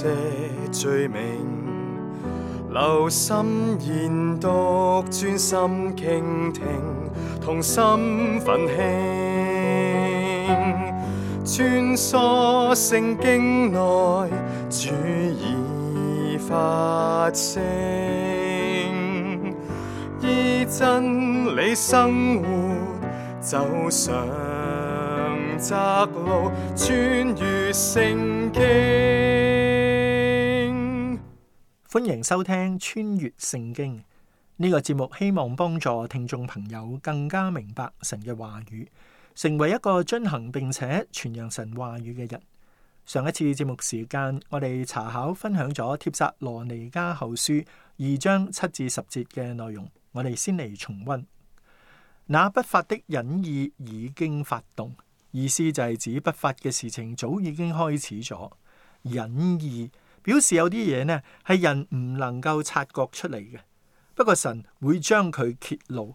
些罪名，留心研讀，專心傾聽，同心奮興，穿梭聖經內，主已發聲，依真理生活，走上窄路，穿越聖經。歡迎收聽穿越聖經呢個節目，希望幫助聽眾朋友更加明白神嘅話語，成為一個遵行，並且傳揚神話語嘅人。上一次節目時間，我哋查考分享咗帖撒羅尼加後書二章七至十節嘅內容，我哋先嚟重溫。那不法的隱意已經發動，意思就係指不法嘅事情早已經開始咗。隱意，表示有啲嘢呢，係人唔能夠察覺出嚟嘅。不過神會將佢揭露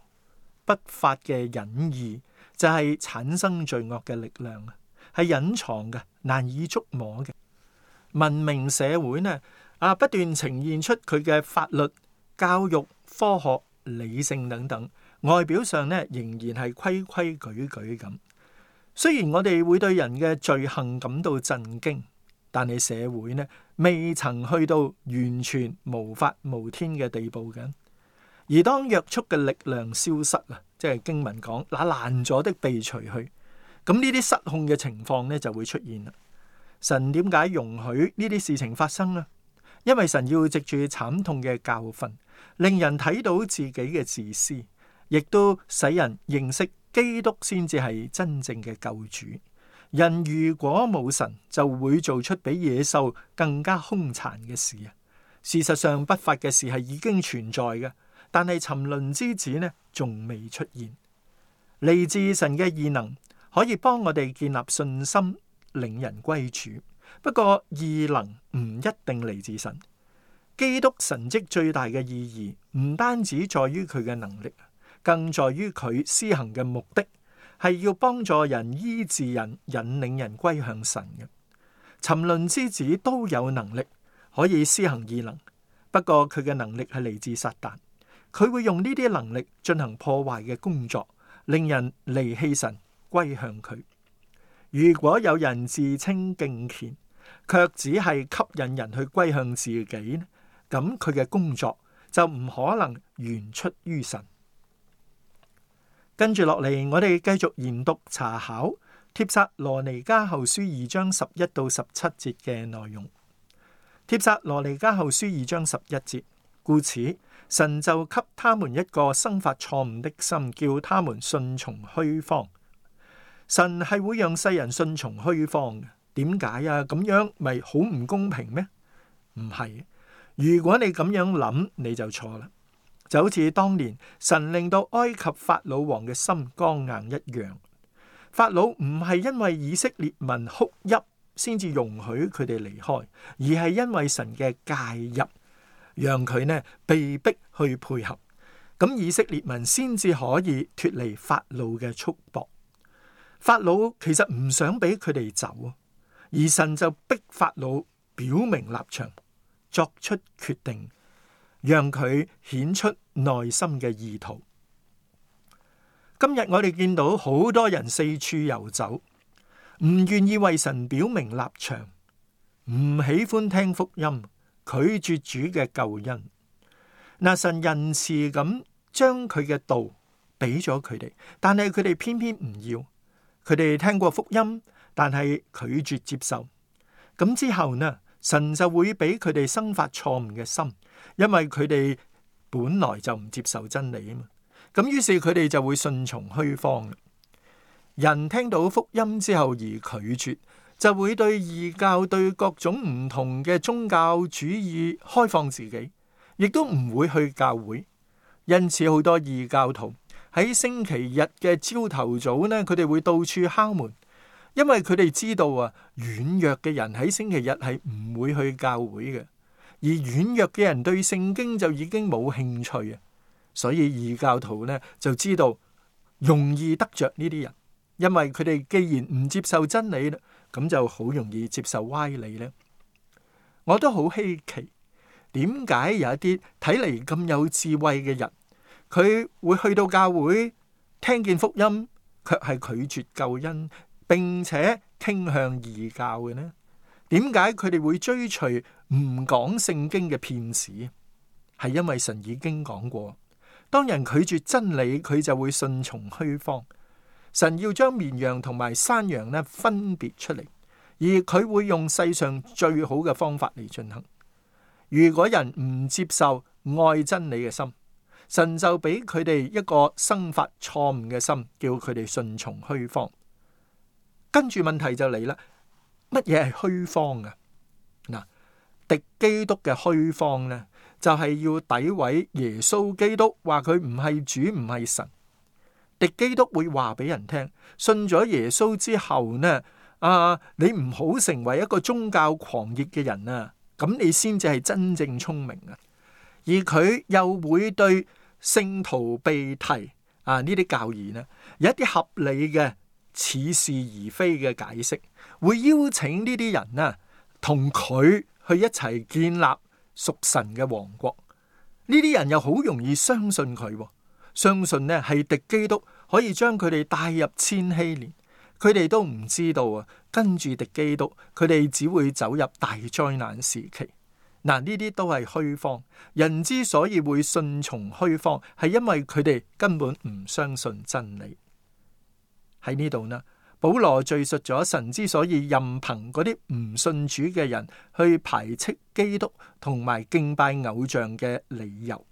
不法嘅隱意，就係、是、產生罪惡嘅力量啊，係隱藏嘅，難以捉摸嘅。文明社會呢，啊不斷呈現出佢嘅法律、教育、科學、理性等等，外表上呢仍然係規規矩矩咁。雖然我哋會對人嘅罪行感到震驚。但係社會呢，未曾去到完全無法無天嘅地步嘅。而當約束嘅力量消失啊，即係經文講，那攔阻的被除去，咁呢啲失控嘅情況呢就會出現啦。神點解容許呢啲事情發生呢？因為神要藉住慘痛嘅教訓，令人睇到自己嘅自私，亦都使人認識基督先至係真正嘅救主。人如果冇神，就會做出比野獸更加兇殘嘅事啊！事實上，不法嘅事係已經存在嘅，但係沉淪之子呢仲未出現。嚟自神嘅異能可以幫我哋建立信心，令人歸主。不過異能唔一定嚟自神。基督神蹟最大嘅意義，唔單止在於佢嘅能力，更在於佢施行嘅目的。係要幫助人，醫治人，引領人歸向神嘅。沉淪之子都有能力可以施行異能，不過佢嘅能力係嚟自撒旦，佢會用呢啲能力進行破壞嘅工作，令人離棄神，歸向佢。如果有人自稱敬虔，卻只係吸引人去歸向自己，呢咁佢嘅工作就唔可能源出於神。跟住落嚟，我哋繼續研讀查考帖撒羅尼迦後書二章十一到十七節嘅內容。帖撒羅尼迦後書二章十一節，故此神就給他們一個生發錯誤的心，叫他們順從虛謊。神係會讓世人順從虛謊嘅？點解啊？咁樣咪好唔公平咩？唔係，如果你咁樣諗，你就錯啦。就好似當年神令到埃及法老王嘅心剛硬一樣，法老唔係因為以色列民哭泣先至容許佢哋離開，而係因為神嘅介入，讓佢呢被逼去配合，咁以色列民先至可以脫離法老嘅束縛。法老其實唔想俾佢哋走，而神就逼法老表明立場，作出決定，讓佢顯出。內心嘅意圖。今日我哋見到好多人四處遊走，唔願意為神表明立場，唔喜歡聽福音，拒絕主嘅救恩。那神仁慈咁將佢嘅道俾咗佢哋，但係佢哋偏偏唔要。佢哋聽過福音，但係拒絕接受。咁之後呢，神就會俾佢哋生發錯誤嘅心，因為佢哋。本來就唔接受真理啊嘛，咁於是佢哋就會順從虛謊。人聽到福音之後而拒絕，就會對異教、對各種唔同嘅宗教主義開放自己，亦都唔會去教會。因此好多異教徒喺星期日嘅朝頭早呢，佢哋會到處敲門，因為佢哋知道啊，軟弱嘅人喺星期日係唔會去教會嘅。而軟弱嘅人對聖經就已經冇興趣啊，所以異教徒咧就知道容易得着呢啲人，因為佢哋既然唔接受真理啦，咁就好容易接受歪理呢。我都好稀奇，點解有一啲睇嚟咁有智慧嘅人，佢會去到教會，聽見福音，卻係拒絕救恩，並且傾向異教嘅呢？點解佢哋會追隨唔講聖經嘅騙子？係因為神已經講過，當人拒絕真理，佢就會順從虛方。神要將綿羊同埋山羊咧分別出嚟，而佢會用世上最好嘅方法嚟進行。如果人唔接受愛真理嘅心，神就俾佢哋一個生發錯誤嘅心，叫佢哋順從虛方。跟住問題就嚟啦。乜嘢係虛謊嘅？嗱，敵基督嘅虛謊呢，就係要詆毀耶穌基督，話佢唔係主，唔係神。敵基督會話俾人聽，信咗耶穌之後呢，啊，你唔好成為一個宗教狂熱嘅人啊，咁你先至係真正聰明啊。而佢又會對聖徒被提啊呢啲教義呢，有一啲合理嘅似是而非嘅解釋。會邀請呢啲人呢、啊，同佢去一齊建立屬神嘅王國。呢啲人又好容易相信佢、哦，相信呢係敵基督可以將佢哋帶入千禧年。佢哋都唔知道啊，跟住敵基督，佢哋只會走入大災難時期。嗱，呢啲都係虛謊。人之所以會信從虛謊，係因為佢哋根本唔相信真理。喺呢度呢，保羅敘述咗神之所以任憑嗰啲唔信主嘅人去排斥基督同埋敬拜偶像嘅理由，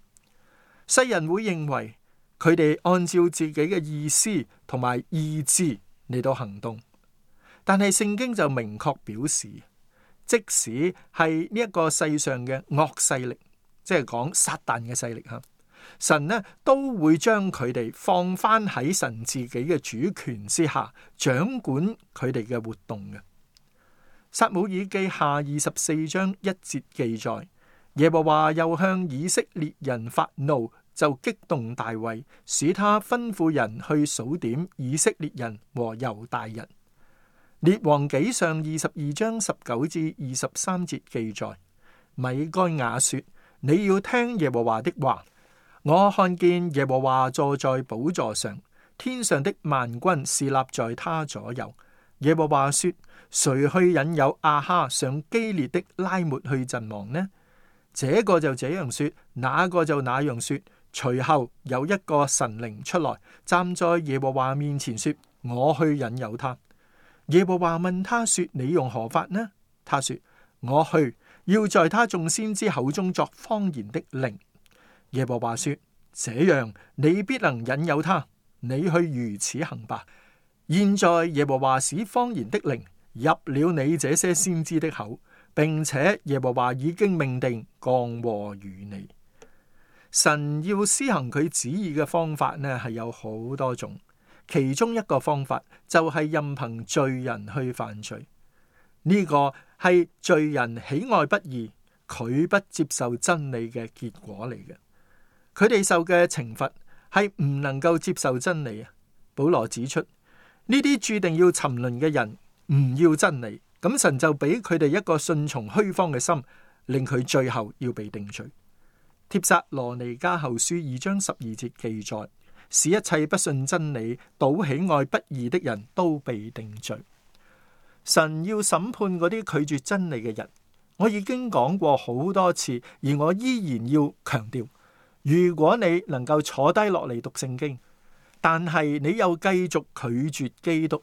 世人會認為佢哋按照自己嘅意思同埋意志嚟到行動，但係聖經就明確表示，即使係呢一個世上嘅惡勢力，即係講撒但嘅勢力吓。神呢都會將佢哋放翻喺神自己嘅主權之下，掌管佢哋嘅活動嘅。撒母耳記下二十四章一節記載：耶和華又向以色列人發怒，就激動大衛，使他吩咐人去數點以色列人和猶大人。列王紀上二十二章十九至二十三節記載：米該亞說：你要聽耶和華的話。我看見耶和華坐在寶座上，天上的萬軍侍立在他左右。耶和華說：誰去引誘亞哈上基列的拉末去陣亡呢？這個就這樣說，那個就那樣說。隨後有一個神靈出來，站在耶和華面前說：我去引誘他。耶和華問他說：你用何法呢？他說：我去，要在他眾先知口中作謊言的靈。耶和華說：這樣你必能引誘他，你去如此行吧。現在耶和華使謊言的靈入了你這些先知的口，並且耶和華已經命定降禍於你。神要施行佢旨意嘅方法呢，係有好多種。其中一個方法就係任憑罪人去犯罪，呢、這個係罪人喜愛不義，佢不接受真理嘅結果嚟嘅。佢哋受嘅懲罰係唔能夠接受真理啊。保羅指出呢啲注定要沉淪嘅人唔要真理，咁神就俾佢哋一個信從虛謊嘅心，令佢最後要被定罪。帖撒羅尼加後書二章十二節記載，使一切不信真理、倒喜愛不義的人都被定罪。神要審判嗰啲拒絕真理嘅人，我已經講過好多次，而我依然要強調。如果你能夠坐低落嚟讀聖經，但係你又繼續拒絕基督，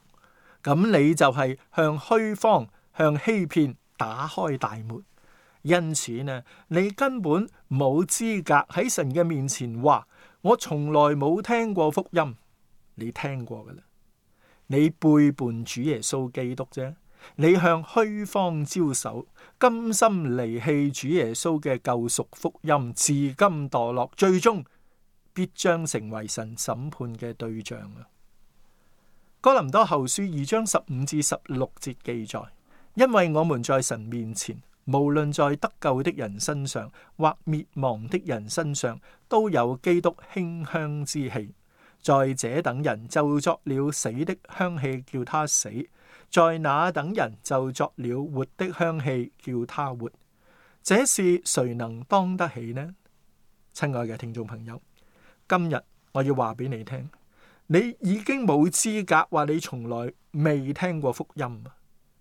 咁你就係向虛謊、向欺騙打開大門。因此呢，你根本冇資格喺神嘅面前話：我從來冇聽過福音，你聽過噶啦，你背叛主耶穌基督啫。你向虛方招手，甘心離棄主耶穌嘅救贖福音，至今墮落，最終必將成為神審判嘅對象啊！哥林多後書二章十五至十六節記載：因為我們在神面前，無論在得救的人身上或滅亡的人身上，都有基督馨香之氣，在這等人就作了死的香氣，叫他死。在那等人就作了活的香氣，叫他活。這事誰能當得起呢？親愛嘅聽眾朋友，今日我要話俾你聽，你已經冇資格話你從來未聽過福音，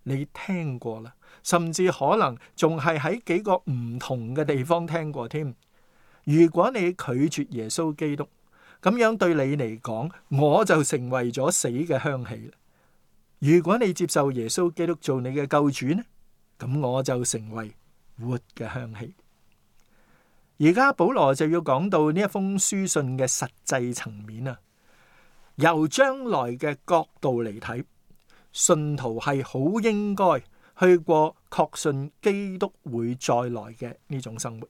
你聽過啦，甚至可能仲係喺幾個唔同嘅地方聽過添。如果你拒絕耶穌基督，咁樣對你嚟講，我就成為咗死嘅香氣。如果你接受耶穌基督做你嘅救主呢，咁我就成為活嘅香氣。而家保羅就要講到呢一封書信嘅實際層面啊，由將來嘅角度嚟睇，信徒係好應該去過確信基督會再來嘅呢種生活，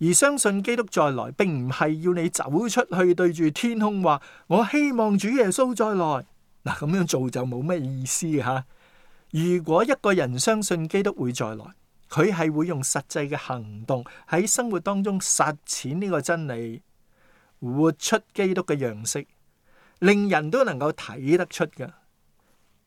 而相信基督再來，並唔係要你走出去對住天空話，我希望主耶穌再來。嗱，咁樣做就冇咩意思嘅嚇。如果一個人相信基督會再來，佢係會用實際嘅行動喺生活當中實踐呢個真理，活出基督嘅樣式，令人都能夠睇得出嘅。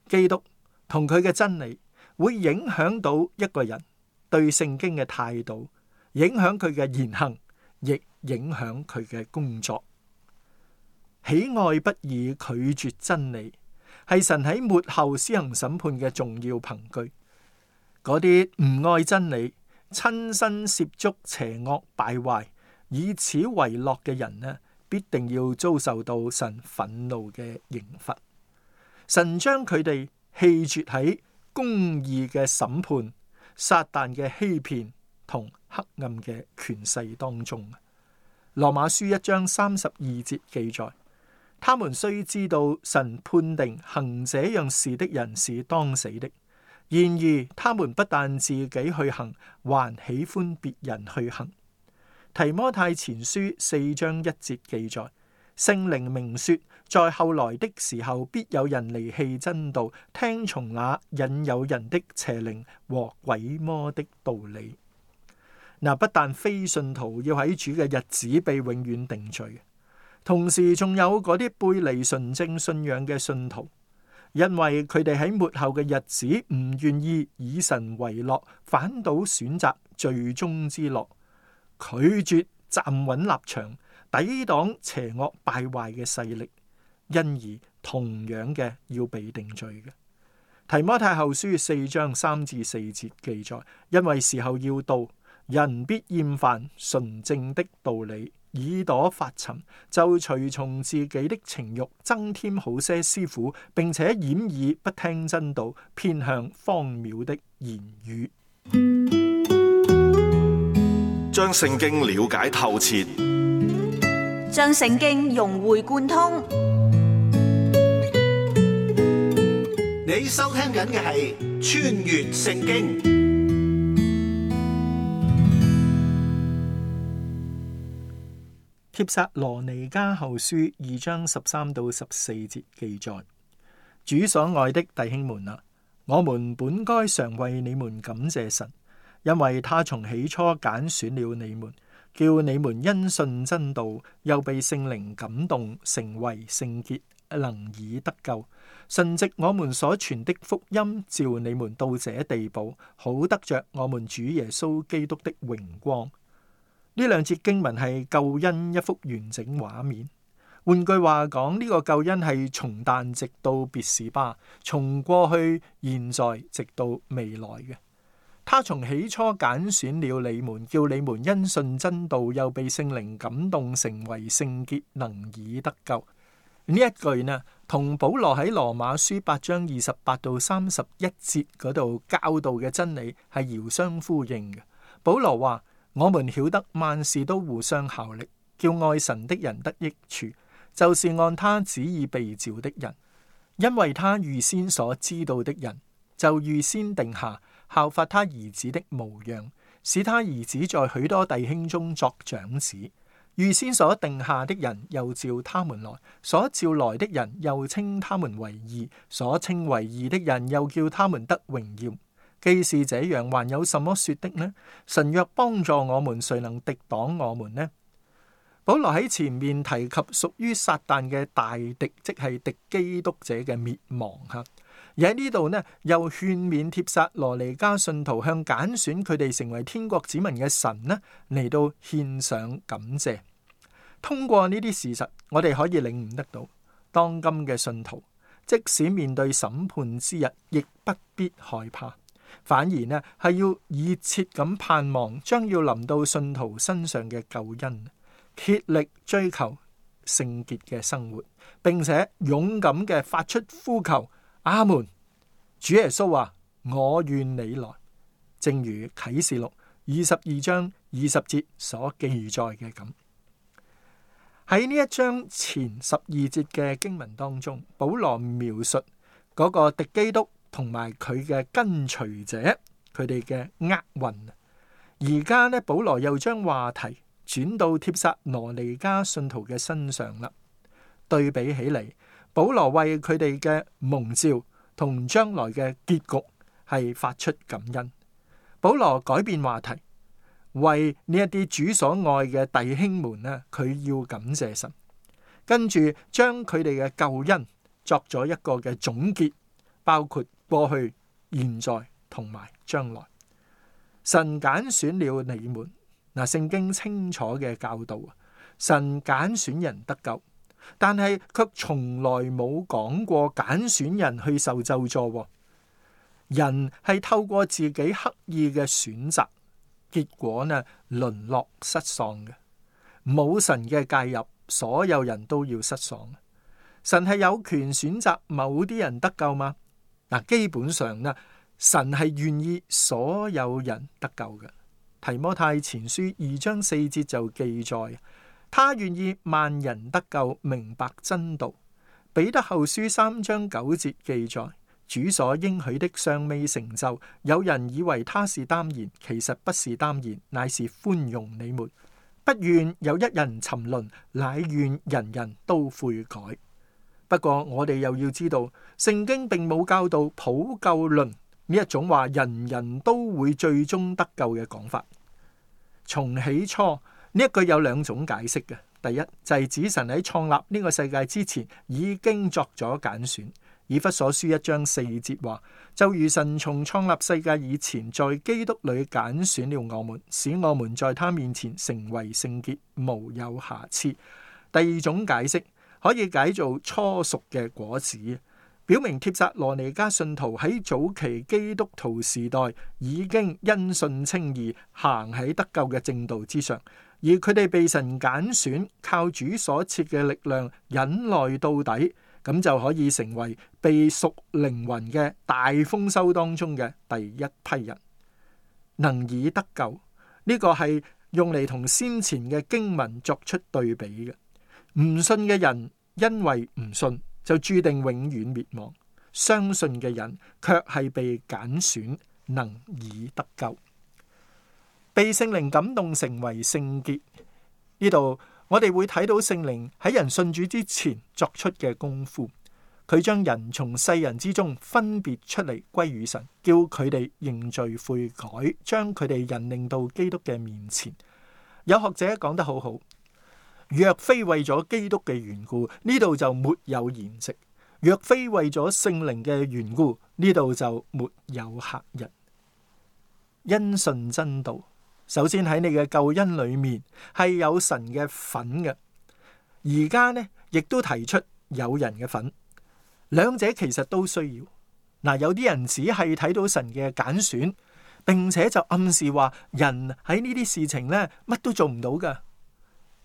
基督同佢嘅真理，會影響到一個人對聖經嘅態度，影響佢嘅言行，亦影響佢嘅工作。喜愛不義，拒絕真理。係神喺末後施行審判嘅重要憑據。嗰啲唔愛真理，親身涉足邪惡敗壞、以此為樂嘅人呢，必定要遭受到神憤怒嘅刑罰。神將佢哋棄絕喺公義嘅審判，撒旦嘅欺騙同黑暗嘅權勢當中。羅馬書一章三十二節記載。他們雖知道神判定行這樣事的人是當死的，然而他們不但自己去行，還喜歡別人去行。提摩太前書四章一節記載，聖靈明說，在後來的時候必有人離棄真道，聽從那引誘人的邪靈和鬼魔的道理。嗱，不但非信徒要喺主嘅日子被永遠定罪。同時仲有嗰啲背離純正信仰嘅信徒，因為佢哋喺末後嘅日子唔願意以神為樂，反倒選擇罪中之樂，拒絕站穩立場，抵擋邪惡敗壞嘅勢力，因而同樣嘅要被定罪嘅。提摩太後書四章三至四節記載：因為時候要到，人必厭煩純正的道理。耳朵發沉，就隨從自己的情慾增添好些師傅，並且掩耳不聽真道，偏向荒謬的言語。將聖經了解透徹、嗯，將聖經融會貫通。你收聽緊嘅係《穿越聖經》。帖撒羅尼加後書二章十三到十四節記載：主所愛的弟兄們啊，我們本該常為你們感謝神，因為他從起初揀選了你們，叫你們因信真道，又被聖靈感動，成為聖潔，能以得救。神藉我們所傳的福音，召你們到這地步，好得着我們主耶穌基督的榮光。呢兩節經文係救恩一幅完整畫面。換句話講，呢、這個救恩係從但直到別是巴，從過去、現在直到未來嘅。他從起初揀選了你們，叫你們因信真道，又被聖靈感動，成為聖潔，能以得救。呢一句呢，同保羅喺羅馬書八章二十八到三十一節嗰度教導嘅真理係遙相呼應嘅。保羅話。我們曉得萬事都互相效力，叫愛神的人得益處，就是按他旨意被召的人。因為他預先所知道的人，就預先定下效法他兒子的模樣，使他兒子在許多弟兄中作長子。預先所定下的人，又召他們來；所召來的人，又稱他們為義；所稱為義的人，又叫他們得榮耀。既是這樣，還有什麼說的呢？神若幫助我們，誰能敵擋我們呢？保羅喺前面提及屬於撒旦嘅大敵，即係敵基督者嘅滅亡。吓而喺呢度呢，又勸勉帖撒羅尼迦信徒向揀選佢哋成為天國子民嘅神呢嚟到獻上感謝。通過呢啲事實，我哋可以領悟得到，當今嘅信徒即使面對審判之日，亦不必害怕。反而呢，係要熱切咁盼望將要臨到信徒身上嘅救恩，竭力追求聖潔嘅生活，並且勇敢嘅發出呼求。阿門！主耶穌話：我願你來，正如啟示錄二十二章二十節所記載嘅咁。喺呢一章前十二節嘅經文當中，保羅描述嗰個敵基督。同埋佢嘅跟隨者，佢哋嘅厄運。而家呢，保羅又將話題轉到帖撒羅尼迦信徒嘅身上啦。對比起嚟，保羅為佢哋嘅蒙召同將來嘅結局係發出感恩。保羅改變話題，為呢一啲主所愛嘅弟兄們呢，佢要感謝神。跟住將佢哋嘅救恩作咗一個嘅總結，包括。過去、現在同埋將來，神揀選了你們。嗱，聖經清楚嘅教導，神揀選人得救，但係卻從來冇講過揀選人去受咒詛。人係透過自己刻意嘅選擇，結果呢，淪落失喪嘅。冇神嘅介入，所有人都要失喪。神係有權選擇某啲人得救嗎？基本上咧，神係願意所有人得救嘅。提摩太前書二章四節就記載，他願意萬人得救，明白真道。彼得後書三章九節記載，主所應許的尚未成就，有人以為他是耽延，其實不是耽延，乃是寬容你們，不願有一人沉淪，乃願人人都悔改。不過我哋又要知道，聖經並冇教導普救論呢一種話人人都會最終得救嘅講法。從起初呢一句有兩種解釋嘅，第一就係指神喺創立呢個世界之前已經作咗揀選。以弗所書一章四節話，就如神從創立世界以前，在基督裏揀選了我們，使我們在他面前成為聖潔，無有瑕疵。第二種解釋，可以解做初熟嘅果子，表明帖撒羅尼迦信徒喺早期基督徒時代已經因信稱義，行喺得救嘅正道之上，而佢哋被神揀選，靠主所賜嘅力量忍耐到底，咁就可以成為被贖靈魂嘅大豐收當中嘅第一批人，能以得救。呢個係用嚟同先前嘅經文作出對比嘅。唔信嘅人，因為唔信就注定永遠滅亡；相信嘅人卻係被揀選，能以得救，被聖靈感動成為聖潔。呢度我哋會睇到聖靈喺人信主之前作出嘅功夫，佢將人從世人之中分別出嚟歸於神，叫佢哋認罪悔改，將佢哋引領到基督嘅面前。有學者講得好好。若非為咗基督嘅緣故，呢度就沒有筵席；若非為咗聖靈嘅緣故，呢度就沒有客人。因信真道，首先喺你嘅救恩裏面係有神嘅份嘅，而家呢亦都提出有人嘅份，兩者其實都需要。嗱，有啲人只係睇到神嘅揀選，並且就暗示話人喺呢啲事情呢，乜都做唔到噶。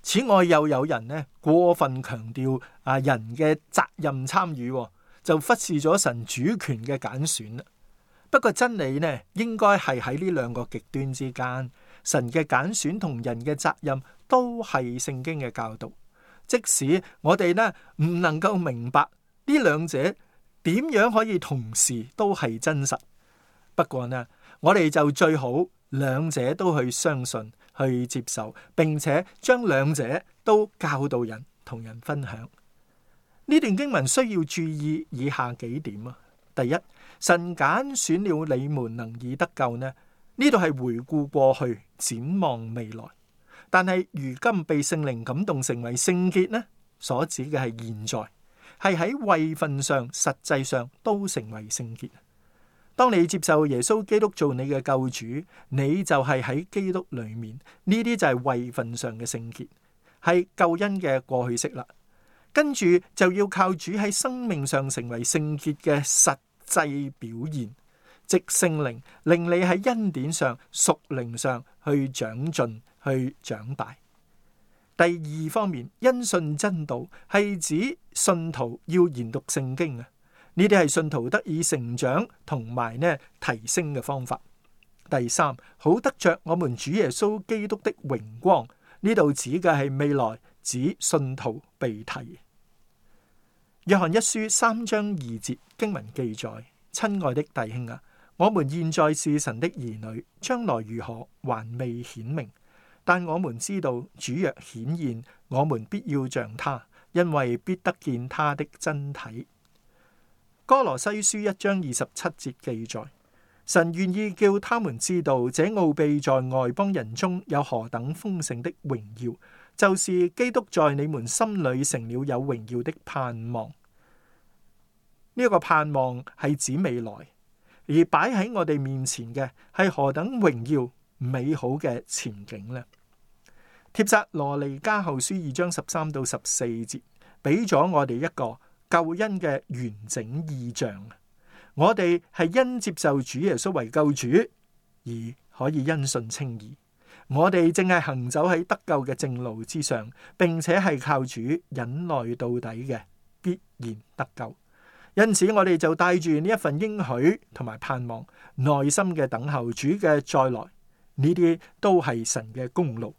此外，又有人呢，過分強調啊人嘅責任參與，就忽視咗神主權嘅揀選啦。不過真理呢，應該係喺呢兩個極端之間，神嘅揀選同人嘅責任都係聖經嘅教導。即使我哋呢唔能夠明白呢兩者點樣可以同時都係真實，不過呢，我哋就最好兩者都去相信。去接受，並且將兩者都教導人同人分享。呢段經文需要注意以下幾點啊。第一，神揀選了你們能以得救呢，呢度係回顧過去、展望未來，但係如今被聖靈感動成為聖潔呢，所指嘅係現在，係喺位份上、實際上都成為聖潔。當你接受耶穌基督做你嘅救主，你就係喺基督裏面。呢啲就係位份上嘅聖潔，係救恩嘅過去式啦。跟住就要靠主喺生命上成為聖潔嘅實際表現，即聖靈令你喺恩典上、屬靈上去長進、去長大。第二方面，因信真道係指信徒要研讀聖經啊。呢啲係信徒得以成長同埋呢，提升嘅方法。第三，好得着我們主耶穌基督的榮光。呢度指嘅係未來，指信徒被提。約翰一書三章二節經文記載：「親愛的弟兄啊，我們現在是神的兒女，將來如何，還未顯明，但我們知道主若顯現，我們必要像他，因為必得見他的真體。哥羅西書一章二十七節記載，神願意叫他們知道，這奧秘在外邦人中有何等豐盛的榮耀，就是基督在你們心裡成了有榮耀的盼望。呢、這、一個盼望係指未來，而擺喺我哋面前嘅係何等榮耀美好嘅前景呢？帖撒羅尼迦後書二章十三到十四節俾咗我哋一個。救恩嘅完整意象，我哋係因接受主耶穌為救主而可以因信稱義，我哋正係行走喺得救嘅正路之上，並且係靠主忍耐到底嘅，必然得救。因此，我哋就帶住呢一份應許同埋盼望，耐心嘅等候主嘅再來。呢啲都係神嘅功勞。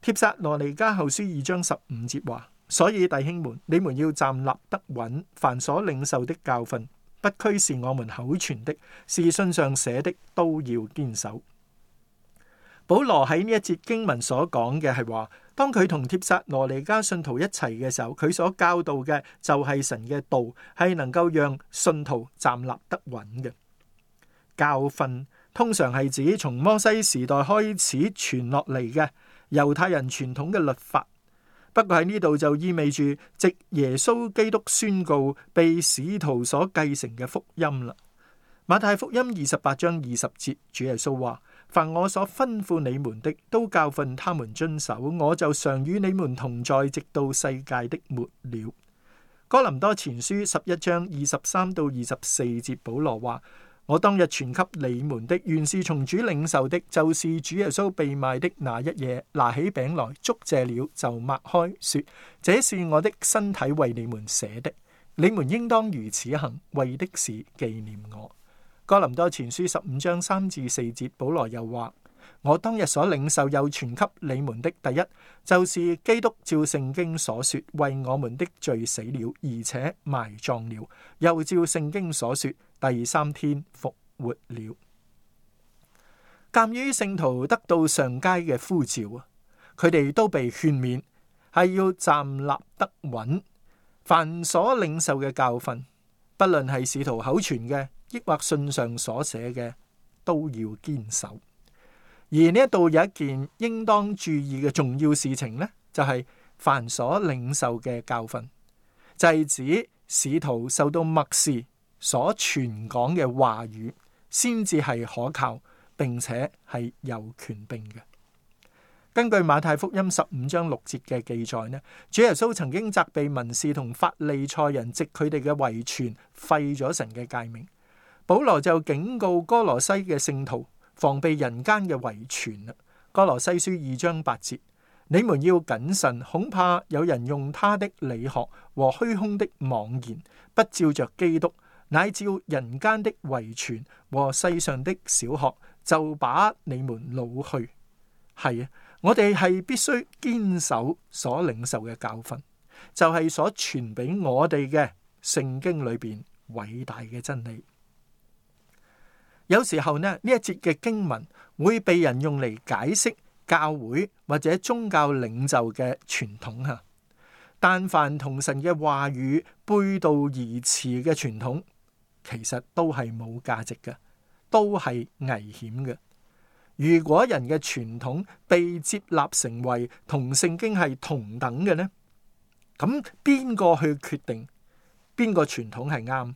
帖撒羅尼迦後書二章十五節話。所以弟兄們，你們要站立得穩。凡所領受的教訓，不拘是我們口傳的，是信上寫的，都要堅守。保羅喺呢一節經文所講嘅係話，當佢同帖撒羅尼迦信徒一齊嘅時候，佢所教導嘅就係神嘅道，係能夠讓信徒站立得穩嘅。教訓通常係指從摩西時代開始傳落嚟嘅猶太人傳統嘅律法。不過喺呢度就意味住，藉耶穌基督宣告被使徒所繼承嘅福音啦。馬太福音二十八章二十節，主耶穌話，凡我所吩咐你們的，都教訓他們遵守，我就常與你們同在，直到世界的末了。哥林多前書十一章二十三到二十四節，保羅話。我當日傳給你們的，原是從主領受的，就是主耶穌被賣的那一夜，拿起餅來，祝謝了就擘開，說：這是我的身體，為你們捨的，你們應當如此行，為的是紀念我。哥林多前書十五章三至四節，保羅又話：我當日所領受又傳給你們的，第一，就是基督照聖經所說，為我們的罪死了，而且埋葬了，又照聖經所說。第三天復活了。鑒於聖徒得到上佳嘅呼召啊，佢哋都被勸勉，係要站立得穩。凡所領受嘅教訓，不論係使徒口傳嘅，抑或信上所寫嘅，都要堅守。而呢一度有一件應當注意嘅重要事情咧，就係凡所領受嘅教訓，就係指使徒受到默示。所傳講嘅話語，先至係可靠，並且係有權柄嘅。根據馬太福音十五章六節嘅記載呢，主耶穌曾經責備文士同法利賽人藉，藉佢哋嘅遺傳廢咗神嘅誡命。保羅就警告哥羅西嘅聖徒，防備人間嘅遺傳啦。哥羅西書二章八節，你們要謹慎，恐怕有人用他的理學和虛空的妄言，不照着基督。乃照人間的遺傳和世上的小學，就把你們擄去。係啊，我哋係必須堅守所領受嘅教訓，就係所傳俾我哋嘅聖經裏邊偉大嘅真理。有時候呢，呢一節嘅經文會被人用嚟解釋教會或者宗教領袖嘅傳統啊。但凡同神嘅話語背道而馳嘅傳統。其實都係冇價值嘅，都係危險嘅。如果人嘅傳統被接納成為同聖經係同等嘅呢，咁邊個去決定邊個傳統係啱，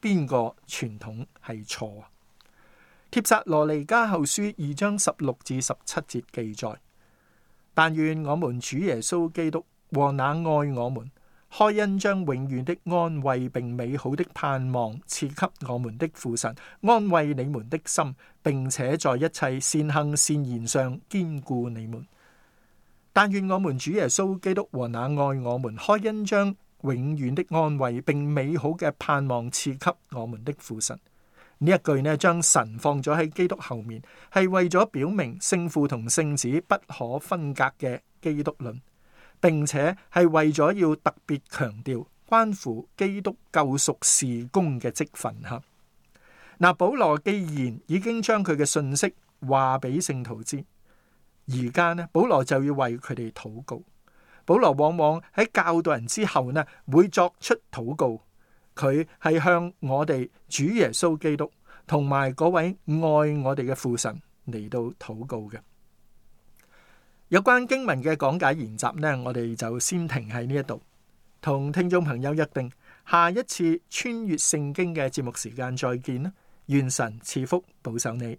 邊個傳統係錯？帖撒羅尼加後書二章十六至十七節記載：但願我們主耶穌基督和那愛我們。開恩將永遠的安慰並美好的盼望賜給我們的父神，安慰你們的心，並且在一切善行善言上堅固你們。但願我們主耶穌基督和那、啊、愛我們開恩將永遠的安慰並美好嘅盼望賜給我們的父神。呢一句呢，將神放咗喺基督後面，係為咗表明聖父同聖子不可分割嘅基督論。並且係為咗要特別強調關乎基督救贖事功嘅職分吓。嗱，保羅既然已經將佢嘅信息話俾聖徒知，而家呢，保羅就要為佢哋禱告。保羅往往喺教導人之後呢，會作出禱告。佢係向我哋主耶穌基督同埋嗰位愛我哋嘅父神嚟到禱告嘅。有關經文嘅講解研習呢，我哋就先停喺呢一度，同聽眾朋友約定下一次穿越聖經嘅節目時間再見啦！願神賜福保守你。